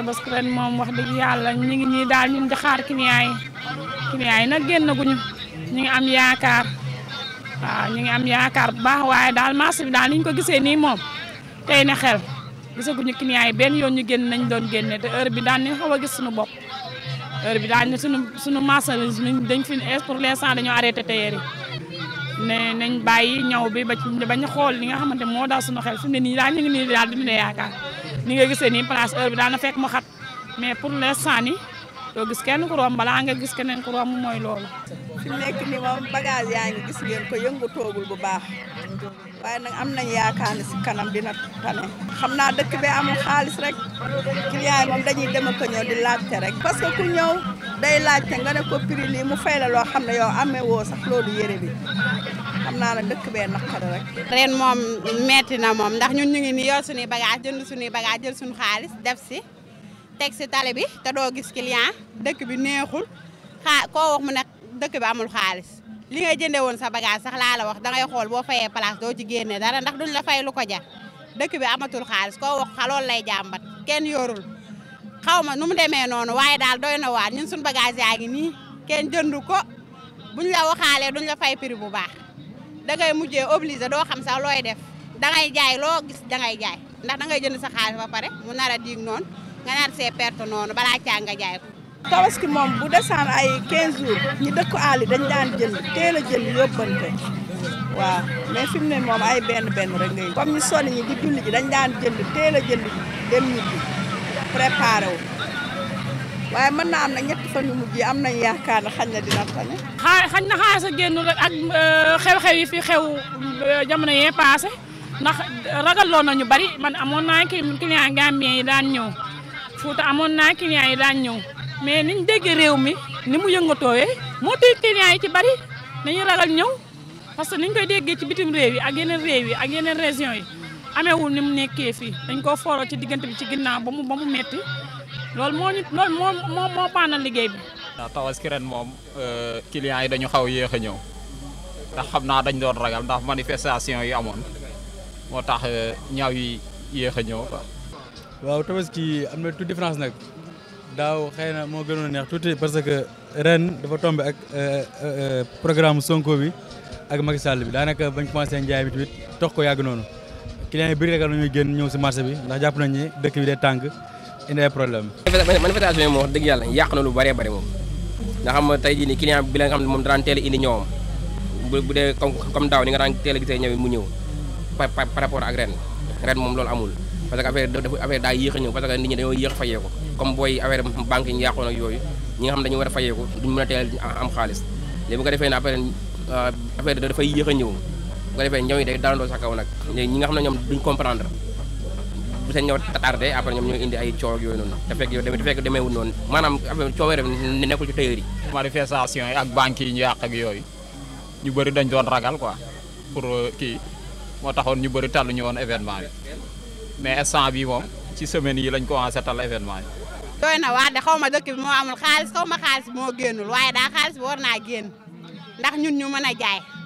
tabaski ren moom wax dëgg yàlla ñu ngi ñii daal ñun di xaar client yi client yi nag génnaguñu ñu ngi am yaakaar waaw ñu ngi am yaakaar bu baax waaye daal marché bi daal ni ñu ko gisee nii moom tey na xel gisaguñu client yi benn yoon ñu génn nañ doon génne te heure bi daal ni xaw a gis suñu bopp heure bi daal ne suñu suñu marché dañ fi pour l'instant dañoo arrêté tailleur yi ne nañ bàyyi ñaw bi ba bañ xool li nga xamante moo daal suñu xel fi ne nii daal ñu ngi nii ni nga gisee nii place heure bi daan na fekk mu xat mais pour l'instant nii doo gis kenn ku romb balaa nga gis keneen ku romb mooy loolu. fi mu nekk nii moom bagage yaa ngi gis ngeen ko yëngu toogul bu baax waaye nag am nañ yaakaar ne si kanam dina tane. xam naa dëkk bi amul xaalis rek client moom dañuy dem ak ñëw di laajte rek. parce que ku ñëw day laajte nga ne ko prix lii mu fay la loo xam ne yoo amee woo sax loolu yére bi. xam naa la dëkk bee naqari rek. ren moom metti na moom ndax ñun ñu ngi nii yor suñuy bagage jënd suñuy bagage jël suñu xaalis def si teg si tali bi te doo gis client dëkk bi neexul ko koo mu ne dëkk bi amul xaalis li ngay jëndee woon sa bagage sax laa la wax dangay xool boo fayee place doo ci génne dara ndax duñ la fay lu ko jar dëkk bi amatul xaalis koo wax xalool lay jàmbat kenn yorul xaw ma nu mu demee noonu waaye daal doy na waat ñun suñu bagage yaa ngi nii kenn jëndu ko buñ la waxaalee duñ la fay prix bu baax. dangay mujjee obligé doo xam sax looy def dangay jaay loo gis dangay jaay ndax dangay jënd sa xaalis ba pare mu nar a diig noon nga nar see perte noonu balaa caa nga jaay ko. tabaski moom bu desaan ay 15 jours ñi dëkku àll dañ daan jënd teel a jënd yóbbante waaw mais fi mu ne moom ay benn benn rek ngay comme ñu sonn ñi di julli ji dañ daan jënd teel a jënd dem ñibbi préparé wu. waaye mën naa am na ñetti fan yu mujj yi am nañ yaakaar ne xañ na dina tane. xaa xañ na xaalis a génn rek ak euh, xew-xew yi fi xew euh, jamono yee paase ndax na ñu bari man amoon naa client gambien yi daan ñëw Fuuta amoon naa client yi daan ñëw mais niñ dégg réew mi ni mu yëngatoowee moo tey client yi ci bari nañu ragal ñëw parce que niñ koy déggee ci bitim réew yi ak yeneen réew yi ak yeneen région yi ameewul ni mu nekkee fii dañ koo fooroo ci diggante bi ci ginnaaw ba mu ba mu loolu moo ñu loolu moo moo liggéey bi. waaw ah, tabaski ren moom euh, clients yi dañu xaw a yéex a ñëw ndax xam naa dañ doon ragal ndax manifestation yi amoon moo tax euh, ñaaw yi yéex a ñëw quoi. waaw tabaski am na tout différence nag daaw xëy na moo gënoon a neex tuuti parce que ren dafa tombé ak euh, programme Sonko bi ak Macky Sall bi daanaka bañ commencé njaay bi tamit tox ko yàgg noonu clients yi bëri ragal nañuy génn ñëw si marché bi ndax jàpp nañ ne dëkk bi day tàng. indi ay problème manifestation yi moom wax dëgg yàlla yàq na lu bëree bëri moom nga xam tey jii ni client bi la nga xam ne moom daan teel a indi ñoom bu dee comme comme ni nga daan teel a ñëw mu ñëw par rapport ak ren ren moom loolu amul parce que affaire dafa affaire daa yéex a ñëw parce que nit ñi dañoo yéex a fayeeku comme booy affaire banque yi ñu yàqoon ak yooyu ñi nga xam dañu war a fayeeku duñ mën a teel am xaalis léegi bu ko defee ne après affaire euh, dafay yéex a ñëw bu ko defee ñëw day dalandoo sa kaw nag ñi nga xam ne ñoom duñ comprendre bu seen ñëw tardé après ñoom ñoo indi ay coow yooyu noonu te fekk yow te fekk demeewul noonu maanaam coowee rek nekkul ci tailleur yi manifestation yi ak banque yi ñu yàq ak yooyu ñu bëri dañ ragal quoi pour euh, kii moo taxoon ñu bëri tallu ñu woon événement bi mais instant bi yi lañ commencé tal événement bi na wax de xaw ma dëkk bi moo amul xaalis xaw ma xaalis moo génnul waaye daa xaalis a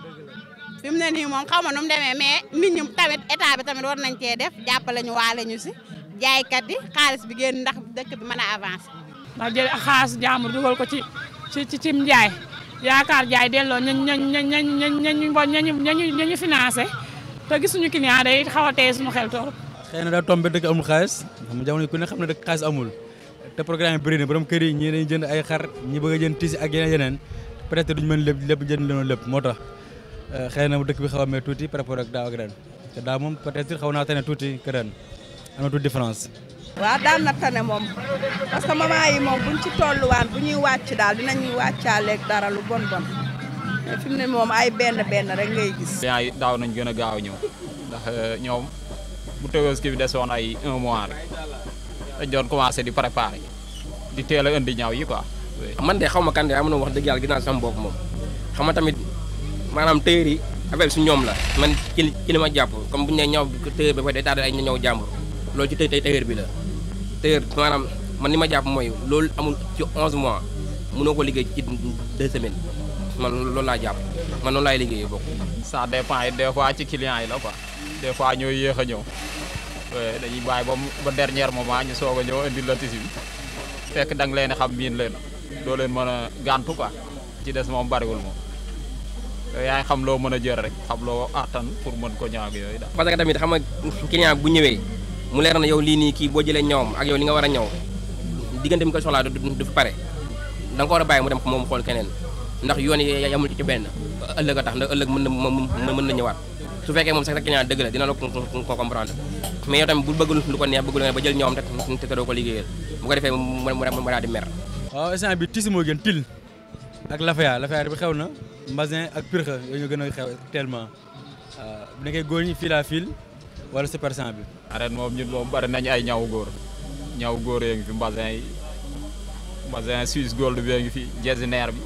fi na ne nii moom xaw ma nu mu demee mais nit ñi tamit état tamit war nañ cee def jàppale ñu waale ñu si jaaykat yi xaalis bi génn ndax dëkk bi mën a avancé. ndax jël xaalis jaamur dugal ko ci ci cim njaay yaakaar jaay delloo ñañ ñañ ñañ ñañ ñañ ñañ ñañu ñañu financé te gisuñu client day xaw a tey suñu xel toor. xëy na daa tombé dëkk amul xaalis xam nga jamono ku ne xam ne dëkk xaalis amul te programme yi bëri na borom kër yi ñii dañuy jënd ay xar ñi bëgg a jënd tiisi ak yeneen yeneen peut-être duñu mën lépp lépp jënd leen lépp moo tax. Euh, xëy na mu dëkk bi xaw a mee tuuti par rapport ak daaw ak ren te daaw moom peut-être xaw naa tane tuuti que ren am na tuuti différence. waaw daan na tane moom parce que moment yi moom buñ ci tolluwaan bu wàcc daal dinañuy wàccaaleeg dara lu bon bon moom ay benn benn rek ngay gis. yi daaw nañ gën a gaaw ñëw ndax euh, ñoom bu tewee Tabaski bi desoon ay un mois rek dañ doon commencé di préparer di teel a indi ñaaw yi quoi. man de xaw ma kan am na wax dëgg yàlla gis naa moom มาทำเตอรีแบบสุญญ์ละมันกินกินมาจับกำบุญเนี่ยเนีเตอร์ไปไปได้ตาได้เนี่ยเนี่ยจับเราจะเตอร์เตอร์ไปเลยเตอร์มาทำมันนี่มาจับมวยลุลอมุนที่11มั้งมุนโอก็ลิเกินเดือนสิบเอ็ดมันลุลลาจับมันลุลลาลิเกอยู่บอกสาเดฟายเดฟายที่คิลั่ไอแล้วปะเดฟายเนี่ยเยอะขนาดเออเดี๋ยวบ่ายผมบัดเดอร์เนี่ยมาบ้านเนี่ยสองคนเยี่ยเดือนละที่สิบเฟ้ก็ดังเล่นนะครับบีนเล่นโดนเล่นมาเนี่นทุกอ่ะที่เดสมอมบาร์กุลมั้ง yaa ngi xam loo mën a jël rek xam loo attan pour mën ko ñaam yooyu daal. parce tamit xam nga client bu ñëwee mu leer yow lii nii kii boo jëlee ñawam ak yow li nga war a ñaw diggante mi ko soxlaa a bàyyi mu dem ko a tax na mën na ñëwaat su fekkee moom comprendre mais yow tamit bu bëggul lu ko neex bëggul nga ba jël ñawam te te doo ko liggéeyal bu ko defee mu daal di mer. waaw instant bi tisi moo gën til ak lafaya lafaya bi xew na Mbazin ak Pirxa yooyu ñu gën a xew tellement bu nekkee góor ñi fil à fil wala super 100 bi. arène moom ñun bari nañ ay ñaw góor ñaw góor yaa ngi fi Mbazin yi Mbazin Suisse gold bi yaa ngi bi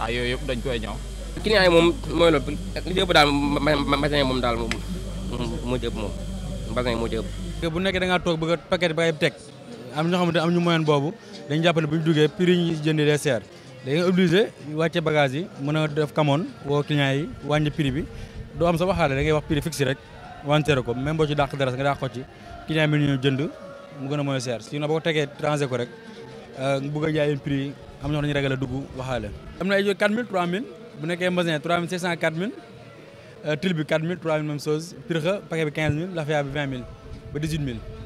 ah yooyu yëpp dañ koy ñaw. client yi moom mooy loolu li ci ëpp daal moom daal moom moo ci moom Mbazin moo ci ëpp. bu nekkee da ngaa toog bëgg a paquet ba ay teg am ñoo xamante am ñu moyen boobu dañ jàpp ne bu ñu duggee prix yi ñuy jëndee day seer. léegi nga obligé wàcce bagage yi mën a def kamoon woo client yi wàññi prix bi doo am sa waxaale da ngay wax prix fixe rek wanteere ko même boo ci dàq dara nga dàq ko ci client bi ñu jënd mu gën a mooy seer sinon boo ko tegee transé ko rek euh, bëgg a jaay prix am na ñoo xam ne dañuy ragal a dugg waxaale. am na ay 4000 3000 bu nekkee magasin 3600 4000 tril bi 4000 3000 même chose pirxa paquet bi 15000 lafaya